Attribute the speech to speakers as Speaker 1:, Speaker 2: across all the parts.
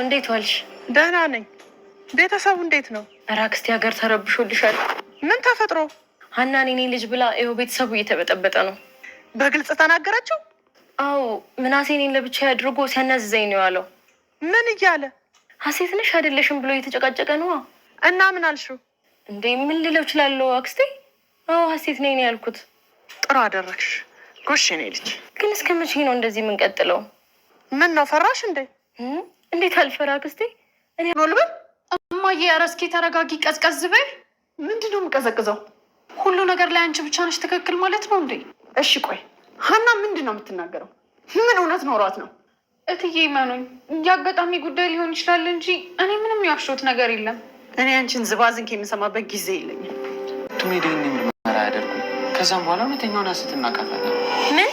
Speaker 1: እንዴት ዋልሽ?
Speaker 2: ደህና ነኝ። ቤተሰቡ እንዴት ነው?
Speaker 1: አክስቴ ሀገር ተረብሾልሻል። ምን ተፈጥሮ? ሀና እኔ ልጅ ብላ ይኸው ቤተሰቡ እየተበጠበጠ ነው።
Speaker 2: በግልጽ ተናገረችው?
Speaker 1: አዎ፣ ምናሴ እኔን ለብቻ አድርጎ ሲያናዝዘኝ ነው ያለው። ምን እያለ? ሀሴት ነሽ አይደለሽም ብሎ እየተጨቃጨቀ ነዋ።
Speaker 2: እና ምን አልሽው?
Speaker 1: እንዴ ምን ልለው እችላለሁ አክስቴ? አዎ ሀሴት ነኝ ያልኩት።
Speaker 2: ጥሩ አደረግሽ። ጎሽ የኔ ልጅ።
Speaker 1: ግን እስከ መቼ ነው እንደዚህ የምንቀጥለው?
Speaker 2: ምን ነው ፈራሽ እንዴ?
Speaker 1: እንዴት አልፈራ ክስቴ እኔ ልበል እማዬ፣ ኧረ እስኪ ተረጋጊ፣ ቀዝቀዝ በይ።
Speaker 2: ምንድን ነው የምቀዘቅዘው?
Speaker 1: ሁሉ ነገር ላይ አንቺ ብቻ ነሽ ትክክል ማለት ነው እንዴ?
Speaker 2: እሺ ቆይ ሀና ምንድን ነው የምትናገረው? ምን እውነት ኖሯት ነው?
Speaker 1: እትዬ መኑኝ፣ የአጋጣሚ ጉዳይ ሊሆን ይችላል እንጂ እኔ ምንም ያሾት ነገር የለም። እኔ አንቺን ዝባዝንክ የምሰማበት ጊዜ የለኝም።
Speaker 3: ቱሜዴ ምርመራ ያደርጉ ከዛም በኋላ እውነተኛውን ሀሰት እናቃታለን።
Speaker 1: ምን?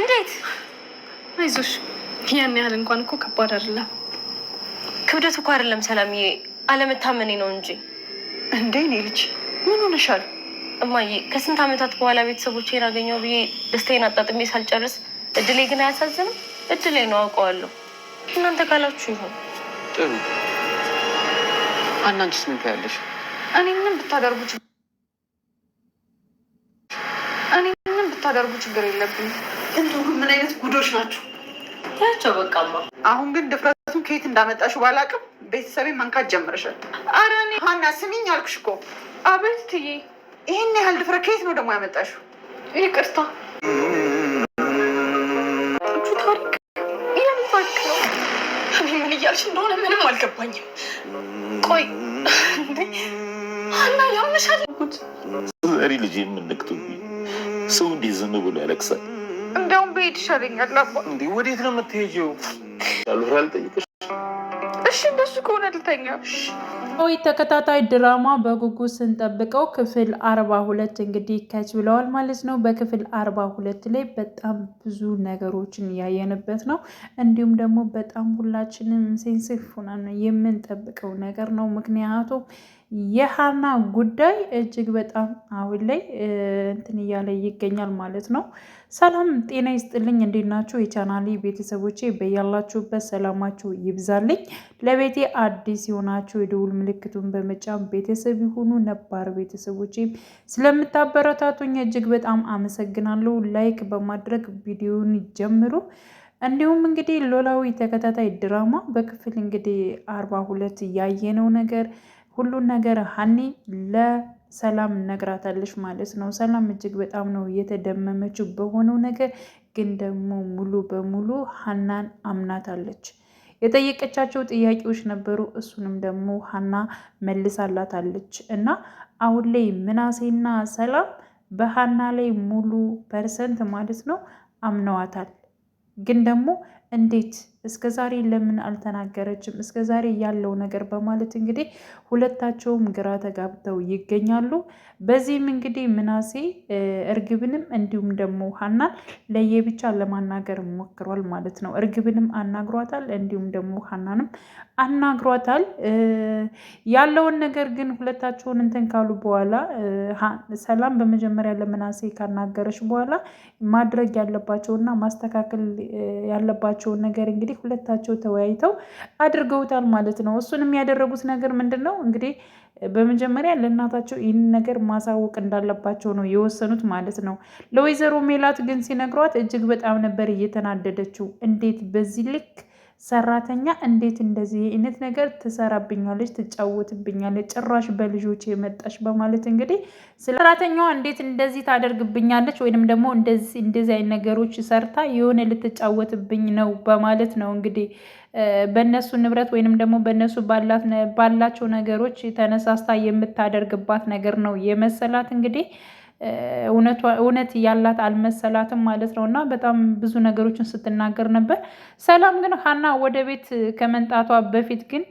Speaker 1: እንዴት? አይዞሽ ያን ያህል እንኳን እኮ ከባድ አይደለም። ክብደት እኮ አይደለም ሰላምዬ፣ አለመታመኔ ነው እንጂ።
Speaker 2: እንዴ እኔ ልጅ ምን ሆነሻል?
Speaker 1: እማዬ ከስንት ዓመታት በኋላ ቤተሰቦቼን አገኘው ብዬ ደስታዬን አጣጥሜ ሳልጨርስ እድሌ ግን አያሳዝንም? እድሌ ነው አውቀዋለሁ። እናንተ ካላችሁ ይሁን።
Speaker 3: ጥሩ። አናንቺ ስምንት ያለሽ
Speaker 1: እኔ ምንም ብታደርጉ እኔ ምንም ብታደርጉ ችግር የለብኝ።
Speaker 2: እንዲሁ ምን አይነት ጉዶች ናቸው?
Speaker 1: ያቸው በቃማ።
Speaker 2: አሁን ግን ድፍረቱን ከየት እንዳመጣሽ ባላቅም ቤተሰቤ መንካት ጀምረሻል። ኧረ እኔ ሀና ስሚኝ አልኩሽ እኮ። አቤት ትዬ። ይህን ያህል ድፍረት ከየት ነው ደግሞ ያመጣሽው?
Speaker 1: ይቅርታ ታሪክ ይህን እያልሽ እንደሆነ ምንም አልገባኝም። ቆይ እንዴ ሀና ያምሻል?
Speaker 3: ዛሬ ልጄ የምንቅትብ ሰው እንዲህ ዝም ብሎ ያለቅሳል።
Speaker 1: እንደውም ብሄድ ይሻለኛል።
Speaker 3: ወዴት ነው የምትሄጂው?
Speaker 1: እሺ እንደሱ ከሆነ ልተኛ።
Speaker 4: ተከታታይ ድራማ በጉጉት ስንጠብቀው ክፍል አርባ ሁለት እንግዲህ ከች ብለዋል ማለት ነው። በክፍል አርባ ሁለት ላይ በጣም ብዙ ነገሮችን እያየንበት ነው። እንዲሁም ደግሞ በጣም ሁላችንም ሴንስፍ ሆና የምንጠብቀው ነገር ነው ምክንያቱም የሀና ጉዳይ እጅግ በጣም አሁን ላይ እንትን እያለ ይገኛል ማለት ነው። ሰላም ጤና ይስጥልኝ፣ እንዴት ናችሁ? የቻናሌ ቤተሰቦቼ በያላችሁበት ሰላማችሁ ይብዛልኝ። ለቤቴ አዲስ የሆናችሁ የደውል ምልክቱን በመጫን ቤተሰብ የሆኑ ነባር ቤተሰቦቼ ስለምታበረታቱኝ እጅግ በጣም አመሰግናለሁ። ላይክ በማድረግ ቪዲዮን ጀምሩ። እንዲሁም እንግዲህ ኖላዊ ተከታታይ ድራማ በክፍል እንግዲህ አርባ ሁለት ያየነው ነገር ሁሉን ነገር ሀኒ ለሰላም ነግራታለች ማለት ነው። ሰላም እጅግ በጣም ነው የተደመመችው በሆነው ነገር፣ ግን ደግሞ ሙሉ በሙሉ ሀናን አምናታለች። የጠየቀቻቸው ጥያቄዎች ነበሩ። እሱንም ደግሞ ሀና መልሳላታለች እና አሁን ላይ ምናሴና ሰላም በሀና ላይ ሙሉ ፐርሰንት ማለት ነው አምነዋታል። ግን ደግሞ እንዴት እስከ ዛሬ ለምን አልተናገረችም? እስከ ዛሬ ያለው ነገር በማለት እንግዲህ ሁለታቸውም ግራ ተጋብተው ይገኛሉ። በዚህም እንግዲህ ምናሴ እርግብንም እንዲሁም ደግሞ ሀናን ለየብቻ ለማናገር ሞክሯል ማለት ነው። እርግብንም አናግሯታል፣ እንዲሁም ደግሞ ሀናንም አናግሯታል። ያለውን ነገር ግን ሁለታቸውን እንትን ካሉ በኋላ ሰላም በመጀመሪያ ለምናሴ ካናገረች በኋላ ማድረግ ያለባቸውና ማስተካከል ያለባቸውን ነገር እንግዲህ እንግዲህ ሁለታቸው ተወያይተው አድርገውታል ማለት ነው። እሱን የሚያደረጉት ነገር ምንድን ነው እንግዲህ በመጀመሪያ ለእናታቸው ይህን ነገር ማሳወቅ እንዳለባቸው ነው የወሰኑት ማለት ነው። ለወይዘሮ ሜላት ግን ሲነግሯት እጅግ በጣም ነበር እየተናደደችው። እንዴት በዚህ ልክ ሰራተኛ እንዴት እንደዚህ አይነት ነገር ትሰራብኛለች፣ ትጫወትብኛለች፣ ጭራሽ በልጆች የመጣች በማለት እንግዲህ ሰራተኛዋ እንዴት እንደዚህ ታደርግብኛለች ወይንም ደግሞ እንደዚህ አይነት ነገሮች ሰርታ የሆነ ልትጫወትብኝ ነው በማለት ነው እንግዲህ በእነሱ ንብረት ወይንም ደግሞ በእነሱ ባላቸው ነገሮች ተነሳስታ የምታደርግባት ነገር ነው የመሰላት እንግዲህ እውነት ያላት አልመሰላትም ማለት ነው። እና በጣም ብዙ ነገሮችን ስትናገር ነበር። ሰላም ግን ሀና ወደ ቤት ከመንጣቷ በፊት ግን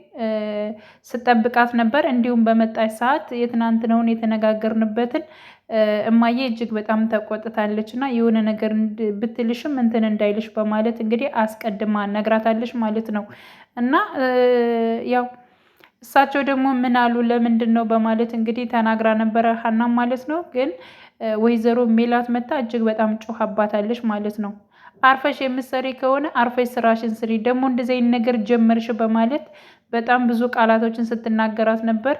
Speaker 4: ስጠብቃት ነበር። እንዲሁም በመጣች ሰዓት የትናንትነውን የተነጋገርንበትን እማዬ እጅግ በጣም ተቆጥታለች እና የሆነ ነገር ብትልሽም እንትን እንዳይልሽ በማለት እንግዲህ አስቀድማ ነግራታለች ማለት ነው እና ያው እሳቸው ደግሞ ምን አሉ ለምንድን ነው በማለት እንግዲህ ተናግራ ነበረ ሀና ማለት ነው። ግን ወይዘሮ ሜላት መታ እጅግ በጣም ጮኸባታለች ማለት ነው። አርፈሽ የምትሰሪ ከሆነ አርፈሽ ስራሽን ስሪ፣ ደግሞ እንደዚህ አይነት ነገር ጀመርሽ በማለት በጣም ብዙ ቃላቶችን ስትናገራት ነበር።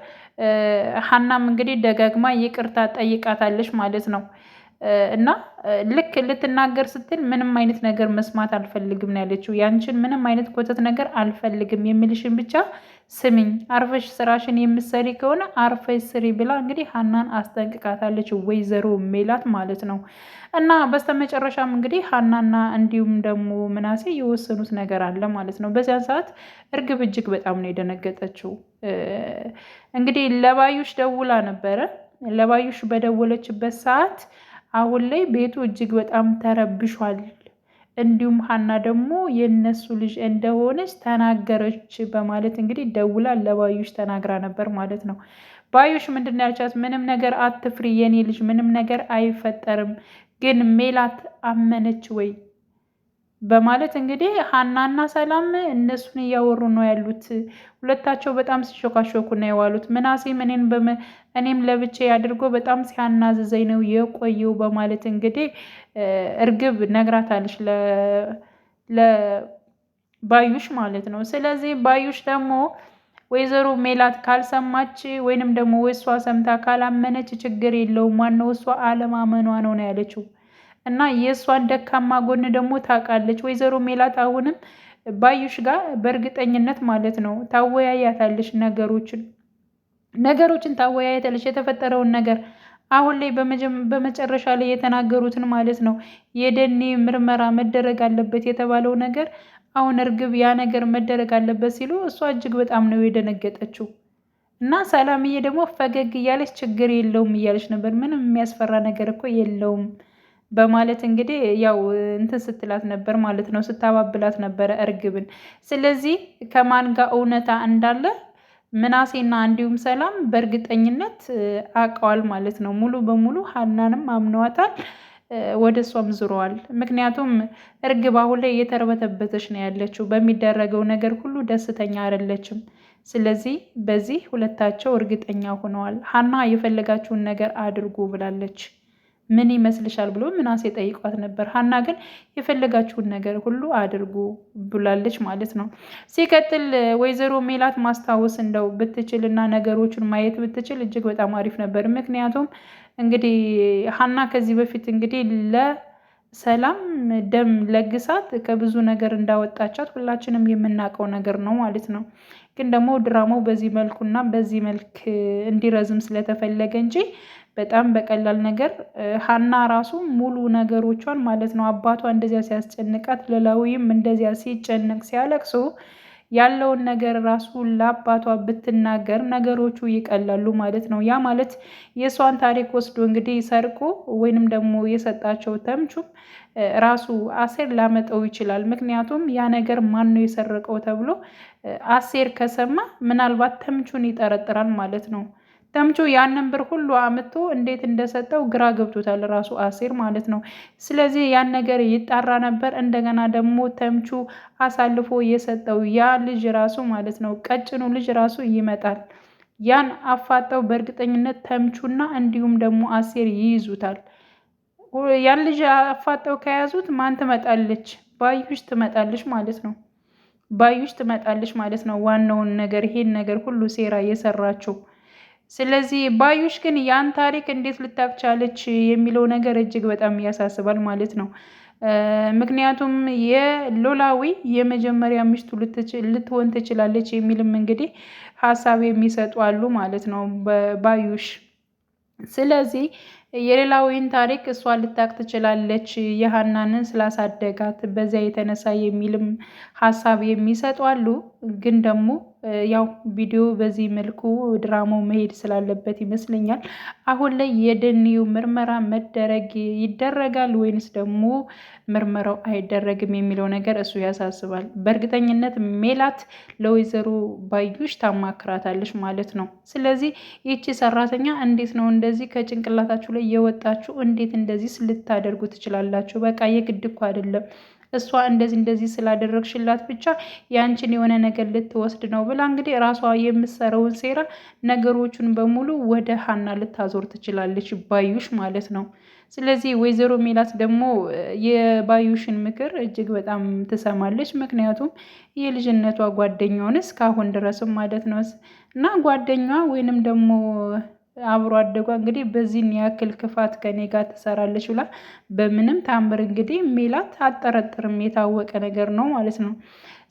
Speaker 4: ሀናም እንግዲህ ደጋግማ ይቅርታ ጠይቃታለች ማለት ነው። እና ልክ ልትናገር ስትል ምንም አይነት ነገር መስማት አልፈልግም ነው ያለችው። ያንቺን ምንም አይነት ኮተት ነገር አልፈልግም የሚልሽን ብቻ ስሚኝ አርፈሽ ስራሽን የምትሰሪ ከሆነ አርፈሽ ስሪ ብላ እንግዲህ ሀናን አስጠንቅቃታለች፣ ወይዘሮ ሜላት ማለት ነው። እና በስተመጨረሻም እንግዲህ ሀናና እንዲሁም ደግሞ ምናሴ የወሰኑት ነገር አለ ማለት ነው። በዚያን ሰዓት እርግብ እጅግ በጣም ነው የደነገጠችው። እንግዲህ ለባዩሽ ደውላ ነበረ። ለባዩሽ በደወለችበት ሰዓት አሁን ላይ ቤቱ እጅግ በጣም ተረብሿል እንዲሁም ሀና ደግሞ የእነሱ ልጅ እንደሆነች ተናገረች በማለት እንግዲህ ደውላ ለባዩሽ ተናግራ ነበር ማለት ነው። ባዩሽ ምንድን ነው ያልቻት? ምንም ነገር አትፍሪ፣ የኔ ልጅ ምንም ነገር አይፈጠርም። ግን ሜላት አመነች ወይ በማለት እንግዲህ ሀናና ሰላም እነሱን እያወሩ ነው ያሉት። ሁለታቸው በጣም ሲሾካሾኩ ነው የዋሉት። ምናሴም እኔም ለብቼ አድርጎ በጣም ሲያናዝዘኝ ነው የቆየው በማለት እንግዲህ እርግብ ነግራታለች ለባዩሽ ማለት ነው። ስለዚህ ባዩሽ ደግሞ ወይዘሮ ሜላት ካልሰማች ወይንም ደግሞ እሷ ሰምታ ካላመነች ችግር የለውም ዋናው እሷ አለማመኗ ነው ነው ያለችው። እና የእሷን ደካማ ጎን ደግሞ ታውቃለች። ወይዘሮ ሜላት አሁንም ባዩሽ ጋር በእርግጠኝነት ማለት ነው ታወያያታለች ነገሮችን ነገሮችን ታወያያታለች የተፈጠረውን ነገር አሁን ላይ በመጨረሻ ላይ የተናገሩትን ማለት ነው የደኔ ምርመራ መደረግ አለበት የተባለው ነገር አሁን እርግብ ያ ነገር መደረግ አለበት ሲሉ እሷ እጅግ በጣም ነው የደነገጠችው። እና ሰላምዬ ደግሞ ፈገግ እያለች ችግር የለውም እያለች ነበር። ምንም የሚያስፈራ ነገር እኮ የለውም በማለት እንግዲህ ያው እንትን ስትላት ነበር ማለት ነው፣ ስታባብላት ነበረ እርግብን። ስለዚህ ከማን ጋር እውነታ እንዳለ ምናሴና እንዲሁም ሰላም በእርግጠኝነት አውቀዋል ማለት ነው። ሙሉ በሙሉ ሀናንም አምነዋታል፣ ወደ እሷም ዙረዋል። ምክንያቱም እርግብ አሁን ላይ እየተርበተበተች ነው ያለችው፣ በሚደረገው ነገር ሁሉ ደስተኛ አይደለችም። ስለዚህ በዚህ ሁለታቸው እርግጠኛ ሆነዋል። ሀና የፈለጋችሁን ነገር አድርጉ ብላለች። ምን ይመስልሻል ብሎ ምናሴ ጠይቋት ነበር። ሀና ግን የፈለጋችሁን ነገር ሁሉ አድርጉ ብላለች ማለት ነው። ሲቀጥል ወይዘሮ ሜላት ማስታወስ እንደው ብትችል እና ነገሮችን ማየት ብትችል እጅግ በጣም አሪፍ ነበር። ምክንያቱም እንግዲህ ሀና ከዚህ በፊት እንግዲህ ለሰላም ደም ለግሳት ከብዙ ነገር እንዳወጣቻት ሁላችንም የምናውቀው ነገር ነው ማለት ነው። ግን ደግሞ ድራማው በዚህ መልኩና በዚህ መልክ እንዲረዝም ስለተፈለገ እንጂ በጣም በቀላል ነገር ሀና ራሱ ሙሉ ነገሮቿን ማለት ነው አባቷ እንደዚያ ሲያስጨንቃት ለላዊም እንደዚያ ሲጨነቅ ሲያለቅሱ ያለውን ነገር ራሱ ለአባቷ ብትናገር ነገሮቹ ይቀላሉ ማለት ነው። ያ ማለት የእሷን ታሪክ ወስዶ እንግዲህ ሰርቆ ወይንም ደግሞ የሰጣቸው ተምቹም ራሱ አሴር ላመጠው ይችላል። ምክንያቱም ያ ነገር ማን ነው የሰረቀው ተብሎ አሴር ከሰማ ምናልባት ተምቹን ይጠረጥራል ማለት ነው። ተምቹ ያንን ብር ሁሉ አምጥቶ እንዴት እንደሰጠው ግራ ገብቶታል ራሱ አሴር ማለት ነው። ስለዚህ ያን ነገር ይጣራ ነበር። እንደገና ደግሞ ተምቹ አሳልፎ የሰጠው ያ ልጅ ራሱ ማለት ነው ቀጭኑ ልጅ ራሱ ይመጣል። ያን አፋጠው በእርግጠኝነት ተምቹና እንዲሁም ደግሞ አሴር ይይዙታል። ያን ልጅ አፋጠው ከያዙት ማን ትመጣለች? ባዩሽ ትመጣለች ማለት ነው። ባዩሽ ትመጣለች ማለት ነው። ዋናውን ነገር ይሄን ነገር ሁሉ ሴራ የሰራችው ስለዚህ ባዩሽ ግን ያን ታሪክ እንዴት ልታቅ ቻለች የሚለው ነገር እጅግ በጣም ያሳስባል ማለት ነው። ምክንያቱም የሎላዊ የመጀመሪያ ሚስቱ ልትሆን ትችላለች የሚልም እንግዲህ ሀሳብ የሚሰጡ አሉ ማለት ነው ባዩሽ። ስለዚህ የሌላዊን ታሪክ እሷ ልታቅ ትችላለች የሀናንን ስላሳደጋት በዚያ የተነሳ የሚልም ሀሳብ የሚሰጡ አሉ ግን ደግሞ ያው ቪዲዮ በዚህ መልኩ ድራማው መሄድ ስላለበት ይመስለኛል። አሁን ላይ የደኒው ምርመራ መደረግ ይደረጋል ወይንስ ደግሞ ምርመራው አይደረግም የሚለው ነገር እሱ ያሳስባል። በእርግጠኝነት ሜላት ለወይዘሮ ባዩሽ ታማክራታለች ማለት ነው። ስለዚህ ይቺ ሰራተኛ እንዴት ነው እንደዚህ ከጭንቅላታችሁ ላይ የወጣችሁ? እንዴት እንደዚህ ስልታደርጉ ትችላላችሁ? በቃ የግድ እኮ አይደለም እሷ እንደዚህ እንደዚህ ስላደረግሽላት ብቻ ያንችን የሆነ ነገር ልትወስድ ነው ብላ እንግዲህ ራሷ የምትሰራውን ሴራ ነገሮቹን በሙሉ ወደ ሀና ልታዞር ትችላለች ባዩሽ ማለት ነው። ስለዚህ ወይዘሮ ሜላት ደግሞ የባዩሽን ምክር እጅግ በጣም ትሰማለች። ምክንያቱም የልጅነቷ ጓደኛውን እስካሁን ድረስም ማለት ነው እና ጓደኛዋ ወይንም ደግሞ አብሮ አደጓ እንግዲህ በዚህን ያክል ክፋት ከኔ ጋር ትሰራለች ብላ በምንም ታምር እንግዲህ ሜላት አጠረጥርም። የታወቀ ነገር ነው ማለት ነው።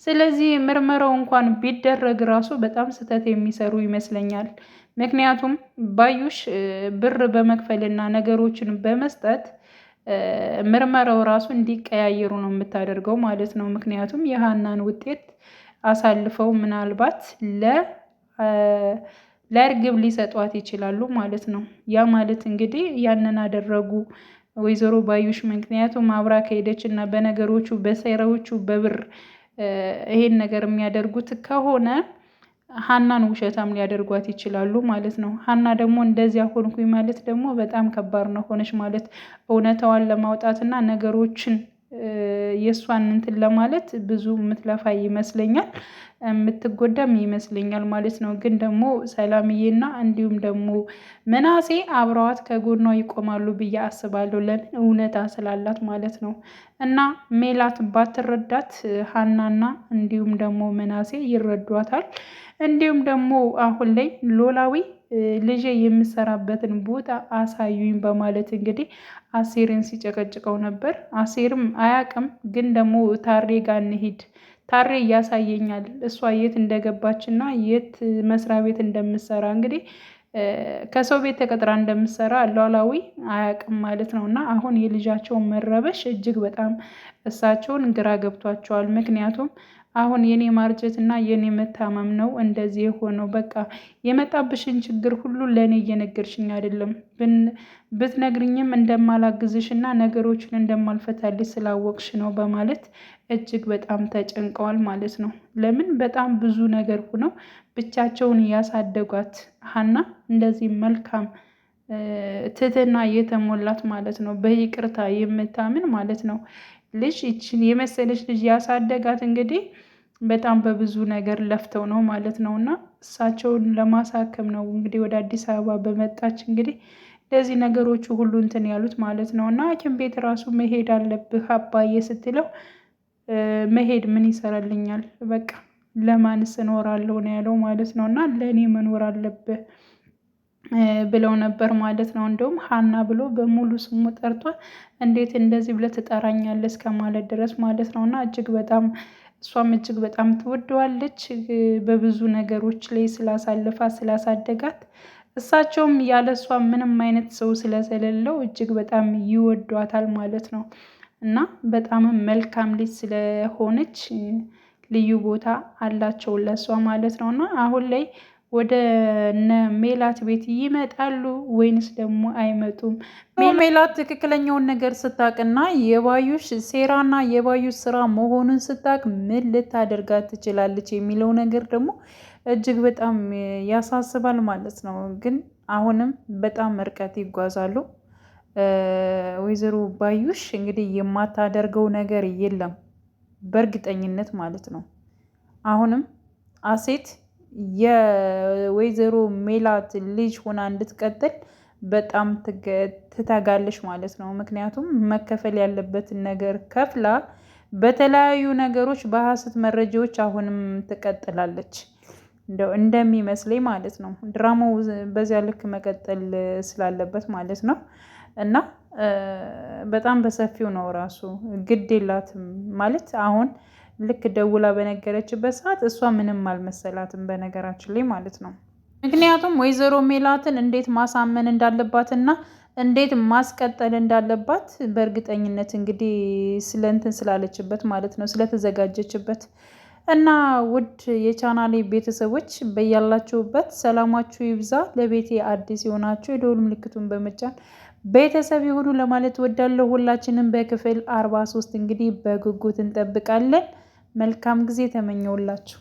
Speaker 4: ስለዚህ ምርመራው እንኳን ቢደረግ ራሱ በጣም ስህተት የሚሰሩ ይመስለኛል። ምክንያቱም ባዩሽ ብር በመክፈልና ነገሮችን በመስጠት ምርመራው ራሱ እንዲቀያየሩ ነው የምታደርገው ማለት ነው። ምክንያቱም የሀናን ውጤት አሳልፈው ምናልባት ለ ለእርግብ ሊሰጧት ይችላሉ ማለት ነው። ያ ማለት እንግዲህ ያንን አደረጉ ወይዘሮ ባዩሽ። ምክንያቱም አብራ ከሄደች እና በነገሮቹ በሴራዎቹ በብር ይሄን ነገር የሚያደርጉት ከሆነ ሀናን ውሸታም ሊያደርጓት ይችላሉ ማለት ነው። ሀና ደግሞ እንደዚያ ሆንኩኝ ማለት ደግሞ በጣም ከባድ ነው ሆነች ማለት እውነታዋን ለማውጣትና ነገሮችን የእሷን እንትን ለማለት ብዙ የምትለፋ ይመስለኛል የምትጎዳም ይመስለኛል ማለት ነው። ግን ደግሞ ሰላምዬና እንዲሁም ደግሞ መናሴ አብረዋት ከጎኗ ይቆማሉ ብዬ አስባለሁ። ለምን እውነታ ስላላት ማለት ነው። እና ሜላት ባትረዳት ሀናና እንዲሁም ደግሞ መናሴ ይረዷታል። እንዲሁም ደግሞ አሁን ላይ ኖላዊ ልጄ የምሰራበትን ቦታ አሳዩኝ በማለት እንግዲህ አሴርን ሲጨቀጭቀው ነበር። አሴርም አያቅም፣ ግን ደግሞ ታሬ ጋር እንሂድ ታሬ እያሳየኛል እሷ የት እንደገባችና የት መስሪያ ቤት እንደምሰራ እንግዲህ ከሰው ቤት ተቀጥራ እንደምሰራ ሏላዊ አያውቅም ማለት ነው። እና አሁን የልጃቸውን መረበሽ እጅግ በጣም እሳቸውን ግራ ገብቷቸዋል። ምክንያቱም አሁን የኔ ማርጀት እና የኔ መታመም ነው እንደዚህ የሆነው። በቃ የመጣብሽን ችግር ሁሉ ለእኔ እየነገርሽኝ አይደለም። ብትነግርኝም እንደማላግዝሽ እና ነገሮችን እንደማልፈታልሽ ስላወቅሽ ነው በማለት እጅግ በጣም ተጨንቀዋል ማለት ነው። ለምን በጣም ብዙ ነገር ሆነው ብቻቸውን ያሳደጓት ሀና እንደዚህ መልካም ትህትና የተሞላት ማለት ነው። በይቅርታ የምታምን ማለት ነው። ልጅ ይችን የመሰለች ልጅ ያሳደጋት እንግዲህ በጣም በብዙ ነገር ለፍተው ነው ማለት ነው። እና እሳቸውን ለማሳከም ነው እንግዲህ ወደ አዲስ አበባ በመጣች እንግዲህ ለዚህ ነገሮቹ ሁሉ እንትን ያሉት ማለት ነው። እና ሐኪም ቤት ራሱ መሄድ አለብህ አባዬ ስትለው መሄድ ምን ይሰራልኛል፣ በቃ ለማንስ እኖራለሁ ነው ያለው ማለት ነው። እና ለእኔ መኖር አለብህ ብለው ነበር ማለት ነው። እንደውም ሀና ብሎ በሙሉ ስሙ ጠርቷል። እንዴት እንደዚህ ብለህ ትጠራኛለህ እስከ ማለት ድረስ ማለት ነው። እና እጅግ በጣም እሷም እጅግ በጣም ትወደዋለች። በብዙ ነገሮች ላይ ስላሳልፋት ስላሳደጋት እሳቸውም ያለ እሷ ምንም አይነት ሰው ስለሌለው እጅግ በጣም ይወዷታል ማለት ነው። እና በጣምም መልካም ልጅ ስለሆነች ልዩ ቦታ አላቸው ለእሷ ማለት ነው። እና አሁን ላይ ወደ እነ ሜላት ቤት ይመጣሉ ወይንስ ደግሞ አይመጡም? ሜላት ትክክለኛውን ነገር ስታቅና የባዩሽ ሴራና የባዩሽ ስራ መሆኑን ስታቅ ምን ልታደርጋት ትችላለች የሚለው ነገር ደግሞ እጅግ በጣም ያሳስባል ማለት ነው። ግን አሁንም በጣም ርቀት ይጓዛሉ። ወይዘሮ ባዩሽ እንግዲህ የማታደርገው ነገር የለም በእርግጠኝነት ማለት ነው። አሁንም አሴት የወይዘሮ ሜላት ልጅ ሆና እንድትቀጥል በጣም ትተጋለች ማለት ነው። ምክንያቱም መከፈል ያለበትን ነገር ከፍላ በተለያዩ ነገሮች በሀሰት መረጃዎች አሁንም ትቀጥላለች እንደው እንደሚመስለኝ ማለት ነው። ድራማው በዚያ ልክ መቀጠል ስላለበት ማለት ነው። እና በጣም በሰፊው ነው ራሱ ግድ የላትም ማለት አሁን ልክ ደውላ በነገረችበት ሰዓት እሷ ምንም አልመሰላትም፣ በነገራችን ላይ ማለት ነው። ምክንያቱም ወይዘሮ ሜላትን እንዴት ማሳመን እንዳለባትና እንዴት ማስቀጠል እንዳለባት በእርግጠኝነት እንግዲህ ስለ ስላለችበት ማለት ነው ስለተዘጋጀችበት እና ውድ የቻናሌ ቤተሰቦች በያላችሁበት ሰላማችሁ ይብዛ። ለቤቴ አዲስ የሆናችሁ የደወል ምልክቱን በመጫን ቤተሰብ የሆኑ ለማለት ወዳለሁ። ሁላችንም በክፍል አርባ ሶስት እንግዲህ በጉጉት እንጠብቃለን። መልካም ጊዜ ተመኘውላችሁ።